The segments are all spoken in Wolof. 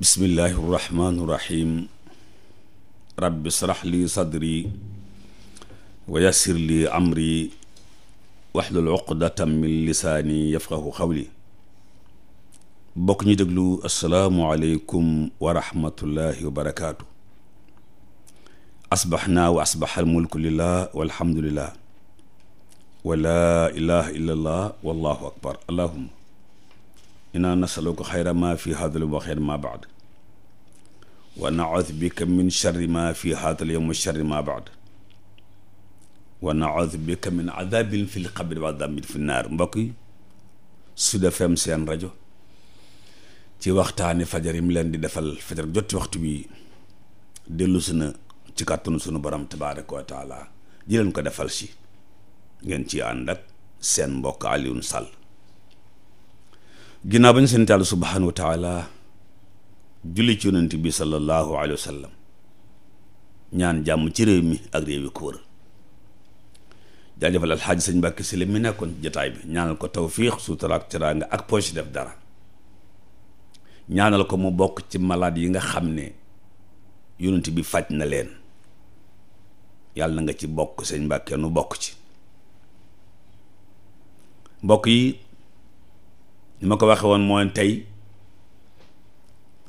bismillahi irrahmaani irrahim rabbi srax li sadri wa yassir li amri waxlul uqdatam min lisaani yafqahu xawli bokk ñu déglu asalaamualeykum wa rahmatullahi wa barakaatu asbaxnaa wa asbaxal mulku lillah walhamdulillah wa laa ilaha illa allah wallahu akbar allahumma inaa nasaluka xayra ma fi haadal yowm wa xayra ma baad wa naud bika min charri ma fi haadal yowm wa ma baad wa naud bika min adabin fi lqabri wa adabin fi naar mbokk yi Sud FM seen rajo ci waxtaani fajar yi mu leen di defal fajar jot waxtu bi dellu si na ci kàttanu sunu borom tabaaraka wa taala ko defal si ngeen ci ànd seen mbokk Alioune sal ginnaaw ba ñu sant Yàlla subhaanahu wa taala julli ci yonent bi sallallahu alayhi wa sallam ñaan jàmm ci réew mi ak réew yi ko wër jaajëfal alxaaji sëñ Mbàkke Sylla mi nekkoon ci jataay bi ñaanal ko tawfiix sutura ak teraanga ak poche def dara ñaanal ko mu bokk ci malade yi nga xam ne yonent bi faj na leen yàlla nga ci bokk sëñ Mbàkke nu bokk ci mbokk yi ni ma ko waxee woon mooy tey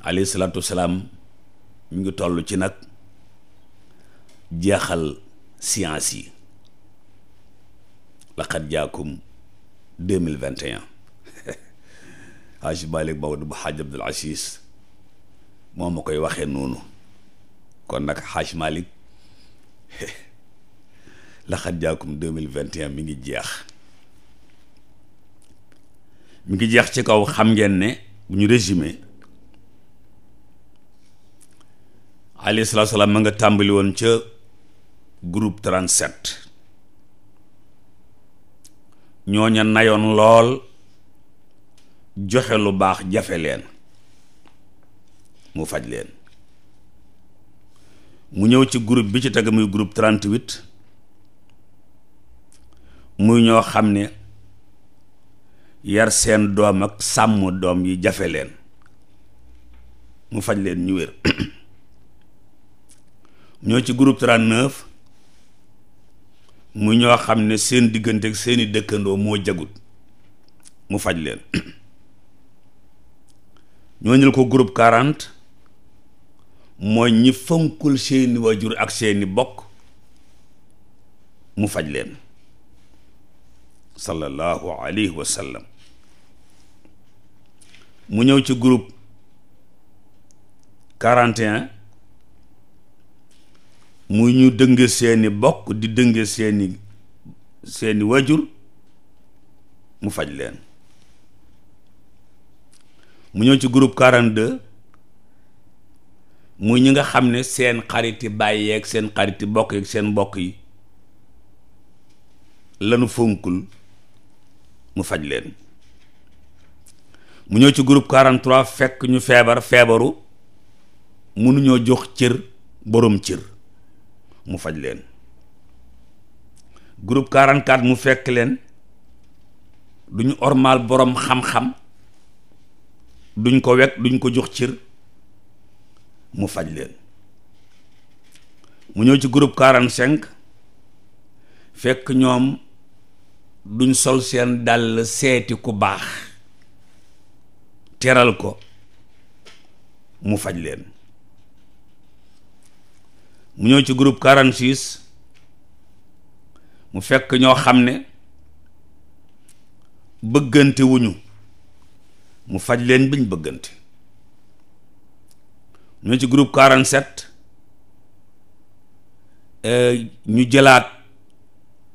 alayhi salaatu wasalaam mu ngi toll ci nag jeexal science yi laqad jaakum deux mille vingt et un Haji Malick Maodo bu Haji Abdul Aziz moo ma koy waxee noonu kon nag Haji Malick laqad jaakum deux mille vingt mi ngi jeex. mi ngi jeex ci kaw xam ngeen ne bu ñu résumé alayhi salaatu salaam ma nga tàmbali woon ca groupe 37 ñooña nayoon lool joxe lu baax jafe leen mu faj leen mu ñëw ci groupe bi ci teg muy groupe 38 muy ñoo xam ne yar seen doom ak sàmm doom yi jafe leen mu faj leen ñu wér ñoo ci groupe 39 mu ñoo xam ne seen diggante ak seeni dëkkandoo moo jagut mu faj leen ñoo ñël ko groupe 40 mooy ñi fonkul seeni wajur ak seeni bokk mu faj leen sallallahu alayhi wa mu ñëw ci groupe 41 mu ñu dënge seeni bokk di dënge seeni seeni wajur mu faj leen mu ñëw ci groupe 42 muy ñi nga xam ne seen xariti bàyyeek seen xariti bokk seen bokk yi lanu fonkul mu faj leen mu ñëw ci groupe 43 fekk ñu feebar feebaru mënuñoo jox cër boroom cër mu faj leen groupe 44 mu fekk leen duñu ormaal boroom xam-xam duñ ko wekk duñ ko jox cër mu faj leen mu ñëw ci groupe 45 fekk ñoom duñ sol seen dàll seeti ku baax teral ko mu faj leen mu ñëw ci groupe 46 mu fekk ñoo xam ne bëggante mu faj leen biñ bëggante ñoo ci group groupe 47 euh, ñu jëlaat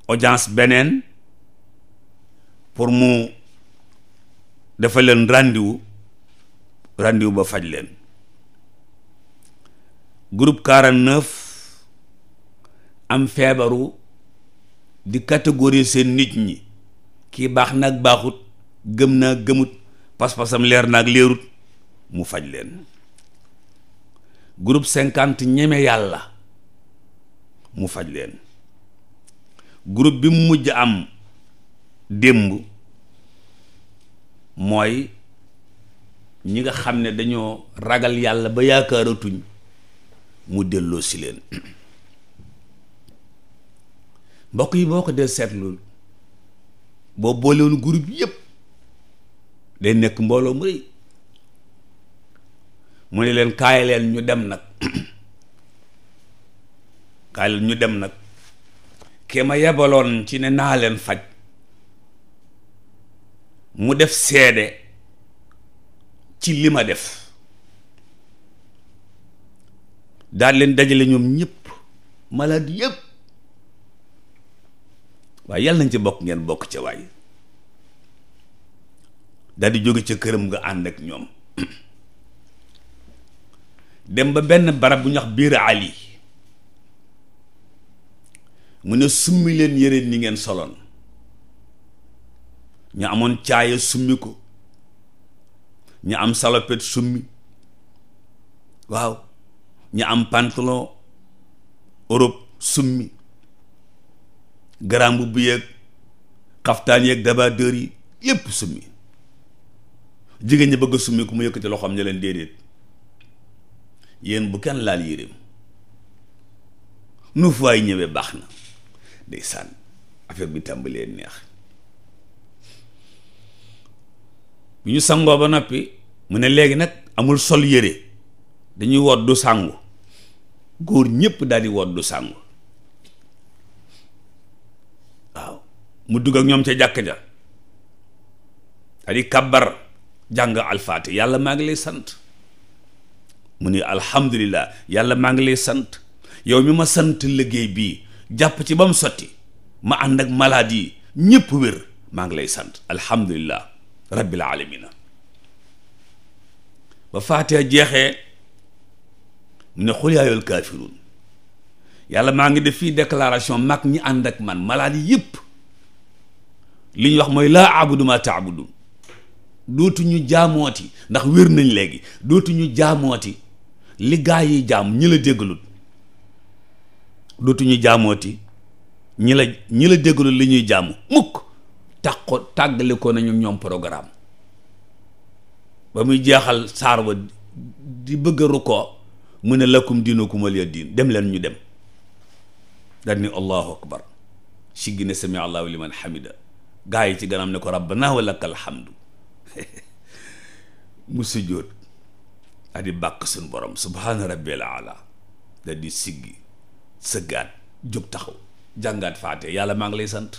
audience beneen pour mu dafa leen rendez rendez ba faj leen group groupe 49 am feebaru di categorie seen nit ñi kii baax nag baaxut gëm naa gëmut pas-pasam leer naag leerut mu faj leen groupe 50 ñeme yàlla mu faj leen group bi mu mujj am démb mooy ñi nga xam ne dañoo ragal yàlla ba yaakaaratuñ mu delloo si leen mbokk yi boo ko dee seetlu boo boolewoon groupe yëpp day nekk mbooloo mu mu ne leen kaay ñu dem nag kaay ñu dem nag ke ma yebaloon ci ne naa leen faj mu def seede ci li ma def daal leen dajale ñoom ñëpp malade yépp waaye yàlla nañ ci bokk ngeen bokk ca waay daldi di jóge ca këram nga ànd ak ñoom dem ba benn barab bu ñu wax biir Ali mu ne summi leen yére ni ngeen soloon ñu amoon caaya summi ko ñi am salopette summi waaw ñu am pantalon Europe summi garambu bu yeeg xaftaan yeeg débardeur yi yépp summi jigéen ñi bëgg a summi ku mu yëkkati loxoom ne leen déedéet yéen bu kenn laal yéreem nu faay ñëwee baax na day sànn affaire bi tàmbalee neex bu ñu sangoo ba noppi mu ne léegi nag amul sol yére dañuy woddu sàngu góor ñépp daal di woddu sàngu waaw mu dugg ak ñoom ca jàkk ja daal di kabbar jàng alfaati yàlla maa ngi lay sant mu ni alhamdulillah yàlla maa ngi lay sant yow mi ma sant liggéey bi jàpp ci ba mu sotti ma ànd ak malade yi ñépp wér maa ngi lay sant alhamdulillah rabbil alamina ba faatee jeexee mu ne xul yaayul yàlla maa ngi def fii déclaration mag ñi ànd ak man malaat yi yëpp li ñu wax mooy laa abudu ma taabudun dootuñu jaamooti ndax wér nañ léegi dootuñu jaamooti li gaa yi jaam ñi la déggalut dootuñu jaamooti ñi la ñi la déggalut li ñuy jaamu mukk tàqo tàggale ko nañu ñoom programme ba muy jeexal saar wa di bëgg a mu ne lakum diinukum waliya diin dem leen ñu dem daal ni allahu akbar siggi ne sami allahu liman hamida gaa yi ci ganam ne ko rabbana wa lakal hamdu mu sujjóot daal di bàkk suñu borom subhaana rabbil ala daal di siggi sëggaat jóg taxaw jàngaat faate yàlla maa ngi lay sant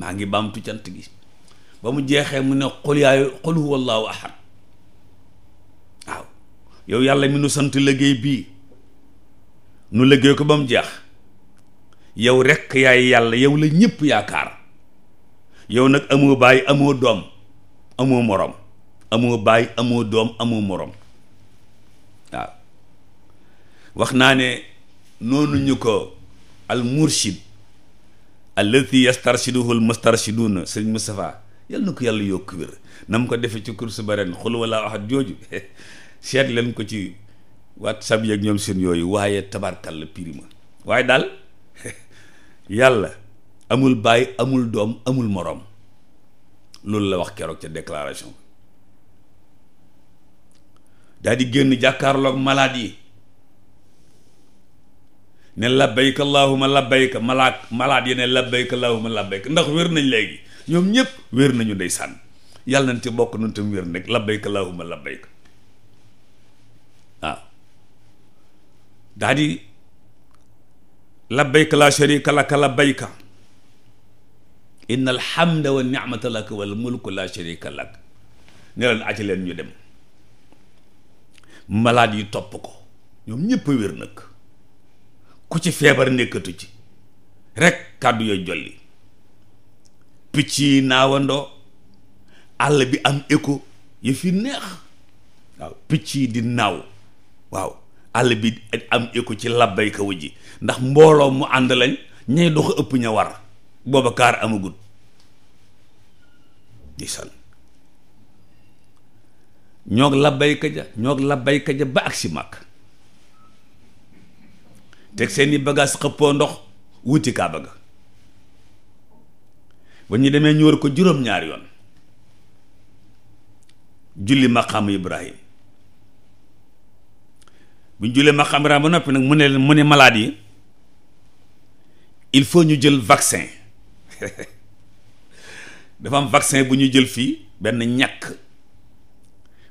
maa ngi baamtu cant gi ba mu jeexee mu ne xul yaayu xul huwallahu ahad yow yàlla mi nu sant liggéey bii nu liggéey ko ba mu jeex yow rekk yaay yàlla yow la ñépp yaakaar yow nag amoo baay amoo doom amoo moroom amoo baay amoo doom amoo morom waaw wax naa ne noonu ñu ko al murshid allati yastarshiduhu al mustarshiduuna sëriñ Moustapha yàlla na ko yàlla yokk wér na mu ko defe ci kursu ba ren xul wala ahad jooju seet leen ko ci whatsapp yeeg ñoom seen yooyu waaye tabarkal la pirima waaye daal yàlla amul baay amul doom amul moroom loolu la wax keroog ca déclaration daal di génn jàkkaarloog malaat yi ne labbayka allahumma labbayka malaak malaat yi ne labbayka allahumma labbayka ndax wér nañ léegi ñoom ñëpp wér nañu ndeysaan yàlla nañ ci bokk nañ tam wér nag labbayka allahumma labbayka daa di labbayka laa sharika laka labbayka inna alhamda wa ni'mata laka laa sharika lak ne leen aji ñu dem malade yi topp ko ñoom ñëpp wér nag ku ci feebar nekkatu ci rek kàddu yooyu jolli picc yi naawandoo àll bi am écho yëf yi neex waaw picc yi di naaw waaw àll bi am écho ci labbayka ji ndax mbooloo mu ànd lañ ñay dox ëpp ña war booba kaar amagut di san ñoog labbayka ja ñoog labbayka ja ba ak si màkk teg seeni bagaas xëppoo ndox wuti kaaba ga ba ñu demee ñu ko juróom-ñaar yoon julli maqaamu Ibrahim bu ñu julee ma xam ba noppi nag mu ne mu ne malade yi il faut ñu jël vaccin dafa am vaccin bu ñu jël fii benn ñàkk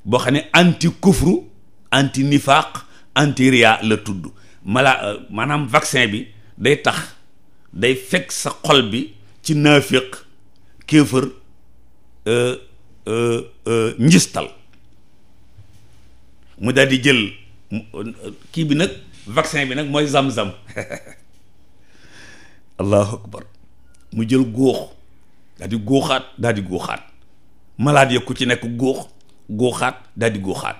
boo xam ne anti kufru anti nifaaq anti ria la tudd mala euh, maanaam vaccin bi day tax day fekk sa xol bi ci naafiq kéefër euh, euh, njistal mu daal di jël kii bi nag vaccin bi nag mooy zam-zam allahu akbar mu jël góox daal di góoxaat daal di góoxaat malade ku ci nekk góox góoxaat daal di góoxaat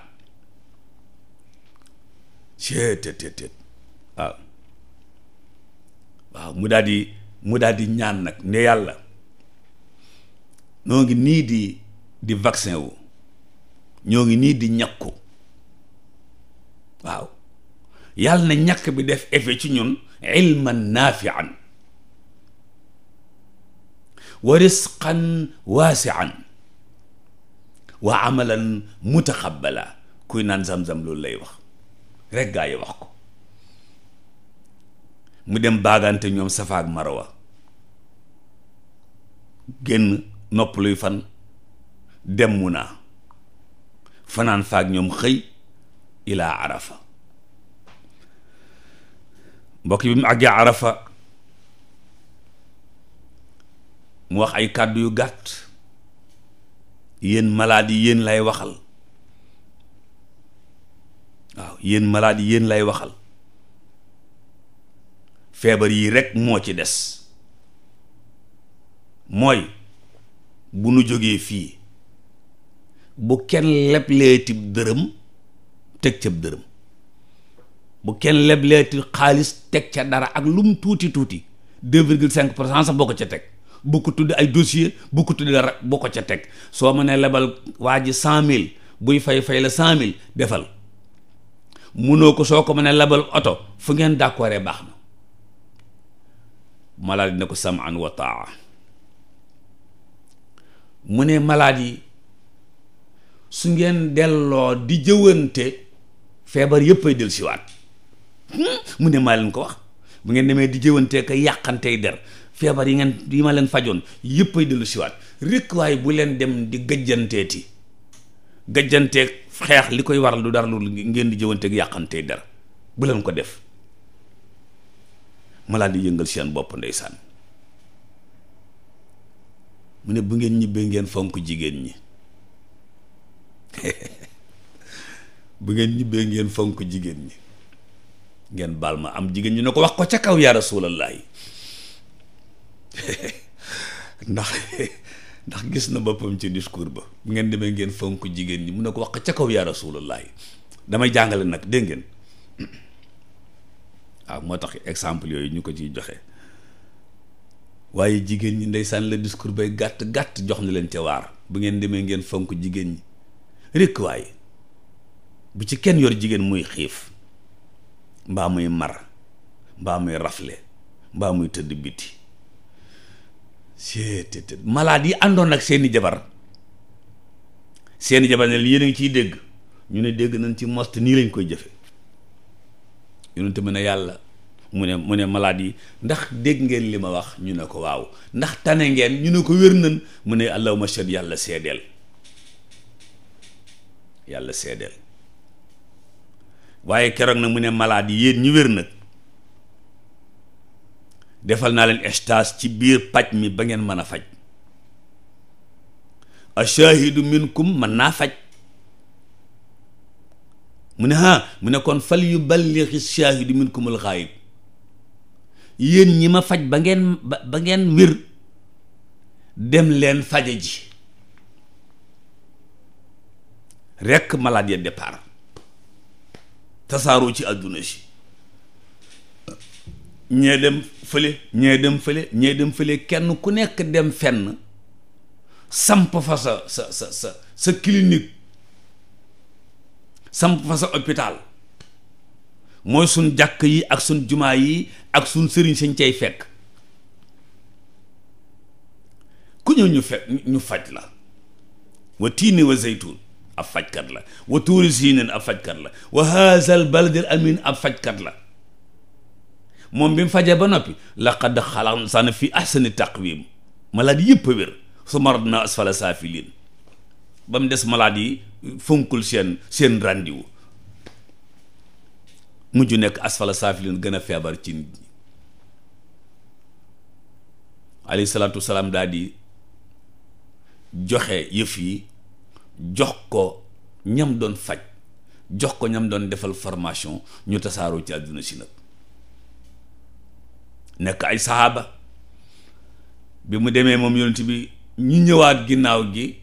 ceetetetet waaw waaw mu daal mu daal ñaan nag ne yàlla ñoo ngi nii di di vaccin wu ñoo ngi nii di ñakku waaw yàlla na ñakk bi def effet ci ñun ilman naafian wa risqan waasian wa amalan mutaxabbala kuy naan zam-zam loolu lay wax rek gaa yi wax ko mu dem baagante ñoom safa ak marwa génn nopp luy fan dem mu naa fanaan faak ñoom xëy ilaa arafa mbokk bi mu àggee arafa mu wax ay kàddu yu gàtt yéen malaad yi yéen lay waxal waaw yéen malaad yi lay waxal feebar yi rekk moo ci des mooy bu nu jógee fii bu kenn lebleetib dërëm teg ca dërëm bu kenn lebleeti xaalis teg ca dara ak lu mu tuuti tuuti deux virgule cinq pour cent sax boo ko ca teg boo ko tudd ay dossier boo tudd dara boo ko ca teg soo mënee lebal waa ji cent mille buy fay fay la cent mille defal munoo ko soo ko mënee labal oto fu ngeen d'accordé baax na malaadi na ko samaan wa wataa mu ne malaadi yi su ngeen delloo di jëwante feebar yëpp ay siwaat hmm? mu ne maa leen ko wax bu ngeen demee di jëwanteek ko yàqantey der feebar yi ngeen yi ma leen fajoon yëpp ay dellusiwaat rekk waaye bu leen dem di gëjjanteeti gëjjanteeg xeex li koy waral du dara lu ngeen di jëwanteek yàqantey der bu leen ko def malaat di yëngal seen bopp ndeysaan mu ne bu ngeen ñibbee ngeen fonk jigéen ñi bu ngeen ñibbee ngeen fonk jigéen ñi ngeen baal ma am jigéen ñi ne ko wax ko ca kaw yaa rasuulallahi ndax ndax gis na boppam ci discours ba bu ngeen demee ngeen fonk jigéen ñi mu ne ko wax ko ca kaw yaa rasuulallahi damay jàngale nag dégg ngeen waaw moo tax exemple yooyu ñu ko ciy joxe waaye jigéen ñi ndeysaan la discours bay gàtt gàtt jox na leen ca waar bu ngeen demee ngeen fonk jigéen ñi rekk waaye bu ci kenn yor jigéen muy xiif mbaa muy mar mbaa muy rafle mbaa muy tëdd biti seet tëdd malade yi àndoon ak seeni jabar seeni jabar ne li yéen a ngi ciy dégg ñu ne dégg nañ ci most nii lañ koy jëfe yonent mu ne yàlla mu ne mu ne malade yi ndax dégg ngeen li ma wax ñu ne ko waaw ndax tane ngeen ñu ne ko wér nañ mu ne allahumma shahid yàlla seddeel yàlla seedeel waaye keroog nag mu ne malade yéen ñu wér nag defal naa leen stage ci biir paj mi ba ngeen mën a faj ashaahidu minkum mën naa faj mu ne ha mu ne kon fal yu ballixi shaahidu minkumul xaayib yéen ñi ma faj ba ngeen ba ngeen wér dem leen faje ji rekk malade ya départ tasaaroo ci àdduna si ñee dem fële ñee dem fële ñee dem fële kenn ku nekk dem fenn samp fa sa sa sa sa sa clinique samp fa sa hôpital mooy suñ jàkk yi ak suñ jumaa yi ak suñ sëriñ sañ cay fekk ku ñëw ñu fekk ñu faj la wa tiini wa zeytuun ab fajkat la wa tuuri siinin ab fajkat la wa haazal baladil amin ab fajkat la moom bi mu fajee ba noppi laqad xalaqnal insaana fi ahsani taqwiim malade yëpp a wér summa radadnaahu asfala saafiliin ba mu des malade yi fonkul seen seen ràndiwu mujj nekk asfala saafiliin gën a feebar ci nit ñi alayhi salaatu wasalaam di joxe yëf yi jox ko ñam doon faj jox ko ñam doon defal formation ñu tasaaroo ci àdduna si nag nekk ay saxaaba bi mu demee moom yonent bi ñu ñëwaat ginnaaw gi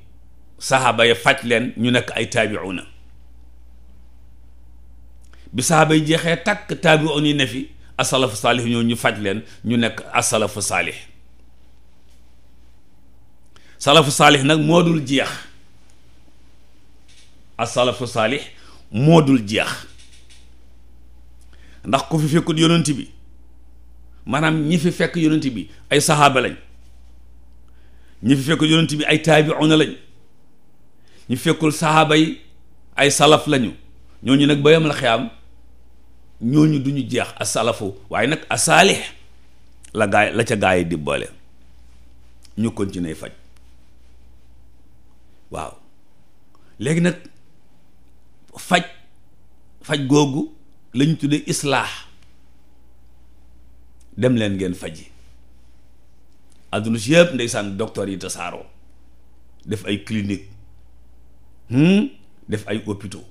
saxaaba yi faj leen ñu nekk ay na bi saxaaba yi jeexee takk taabiun yi ne fi asalafu saalix ñoo ñu faj leen ñu nekk asalafu saalix salafu saalix nag moo dul jeex asalafu saalix moo dul jeex ndax ku fi fekkut yonent bi maanaam ñi fi fekk yonanti bi ay saxaaba lañ ñi fi fekkul yonent bi ay taabiuna lañ ñi fekkul saxaaba yi ay salaf lañu ñooñu nag ba yam la xiyaam ñooñu duñu jeex asalafu waaye nag asaalix la gaay la ca gaay yi di boole ñu continuer faj waaw léegi nag faj faj googu lañ tudde islaax dem leen ngeen faji àdduna si yëpp ndeysaan docteur yi tasaaroo def ay klinik hmm? def ay hôpitaux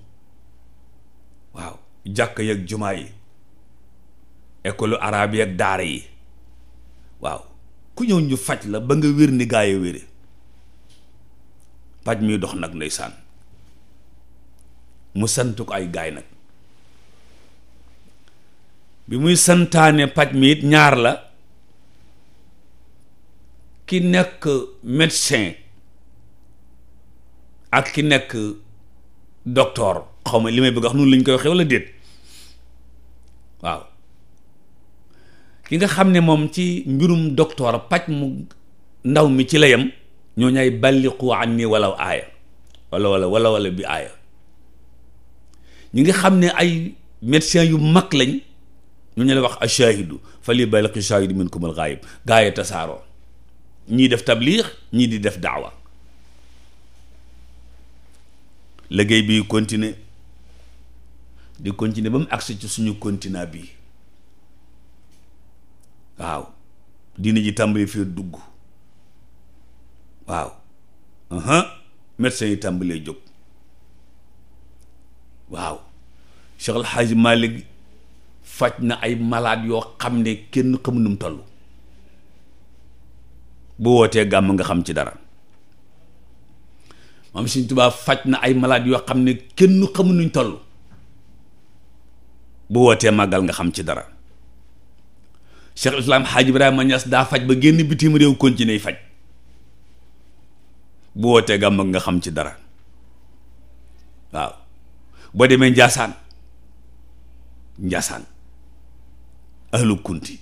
waaw jàkk yeeg jumaa yi école arabe yeeg daara yi waaw ku ñëw ñu faj la ba nga wér ni gaay yi wére paj mi dox nag ndeysaan mu sant ko ay gaay nag bi muy santaane paj mi it ñaar la ki nekk médecin ak ki nekk docteur xaw ma li may bëgg wax noonu koy waxee wala déet waaw ki nga xam ne moom ci mbirum docteur paj mu ndaw mi ci la yem ñoo ñay balliqu an ni walaw aaya wala wala wala wala bi aaya ñu ngi xam ne ay médecins yu mag lañ ñu ne la wax ash-shahidu fa li balaqi shahidu minkum al-ghaib gaa yi tasaaroo ñii def tabliix ñii di def daawa liggéey bi continuer di continuer ba mu agsi ci suñu continent bi waaw diine ji tàmbali fee dugg waaw uh-huh, médecins yi tàmbalee jóg waaw Cheikh El Hadj Malick faj na ay malade yoo xam ne kenn xamu nu toll bu wootee gàmm nga xam ci dara maam Sëñ Tuubaa faj na ay malade yoo xam ne kenn xamu nuñ toll bu wootee màggal nga xam ci dara Cheikh al Islam Hadj Ibrahima mañaas daa faj ba génn bitim réew continuer faj bu wootee gàmm nga xam ci dara waaw boo demee njaasaan njasaan ahlu kunti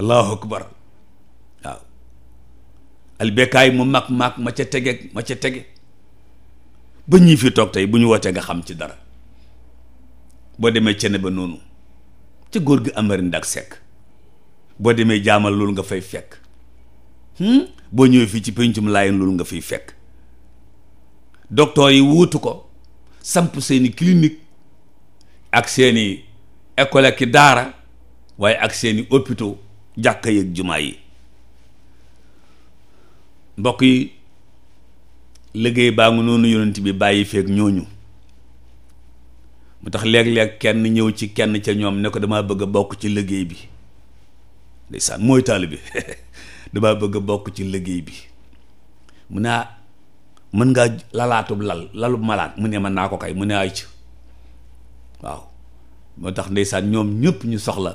allahu akbar waaw albekaay mu mag mag ma ca tege ma ca tege ba ñii fi toog tey bu ñu wootee nga xam ci dara boo demee cene ba noonu ca góor gi amari ndak sekk boo demee jaamal loolu nga fay fekk hmm? boo ñëwee fii ci pencum laayin loolu nga fiy fekk docteur yi wuutu ko samp seeni clinique ak seeni école daara waaye ak seeni hôpitaux jàkka yeeg jumaa yi mbokk yi liggéey baa ngi noonu yonent bi bàyyi feeg ñooñu mu tax léeg-léeg kenn ñëw ci kenn ca ñoom ne ko damaa bëgg a bokk ci liggéey bi ndeysaan mooy taalibe bi damaa bëgg a bokk ci liggéey bi mun naa mën ngaa lalaatub lal lalub malaat mu ne man naa ko kay mu ne ay ci waaw moo tax ndeysaan ñoom ñëpp ñu soxla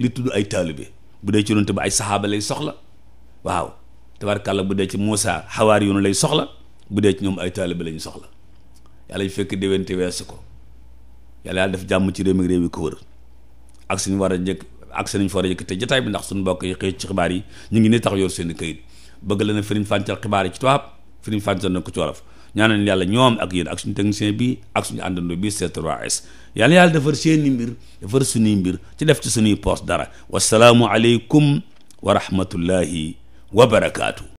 li tudd ay taalibe bu dee ci yonent bi ay saxaaba lay soxla waaw tabarkàlla bu dee ci Muusa xawaar yoonu lay soxla bu dee ci ñoom ay taalibe lañu soxla yàlla ñu fekk déwénte weesu ko yàlla yàlla def jàmm ci réew mi réew yi ko wër ak suñu war a njëkk ak suñu fa war a njëkk te jotaay bi ndax suñu mbokk yi xëy ci xibaar yi ñu ngi ne tax yor seen i këyit bëgg la na firiñ fàncal xibaar yi ci tubaab Serigne Fane sonn na ko ci wolof ñaanal yàlla ñoom ak yéen ak suñu technicien bi ak suñu àndandoo bi C3S yàlla yàlla defar seeni mbir defar suñuy mbir ci def ci suñuy poos dara wa wasalaamu aleykum wa rahmatullahi wa barakaatu.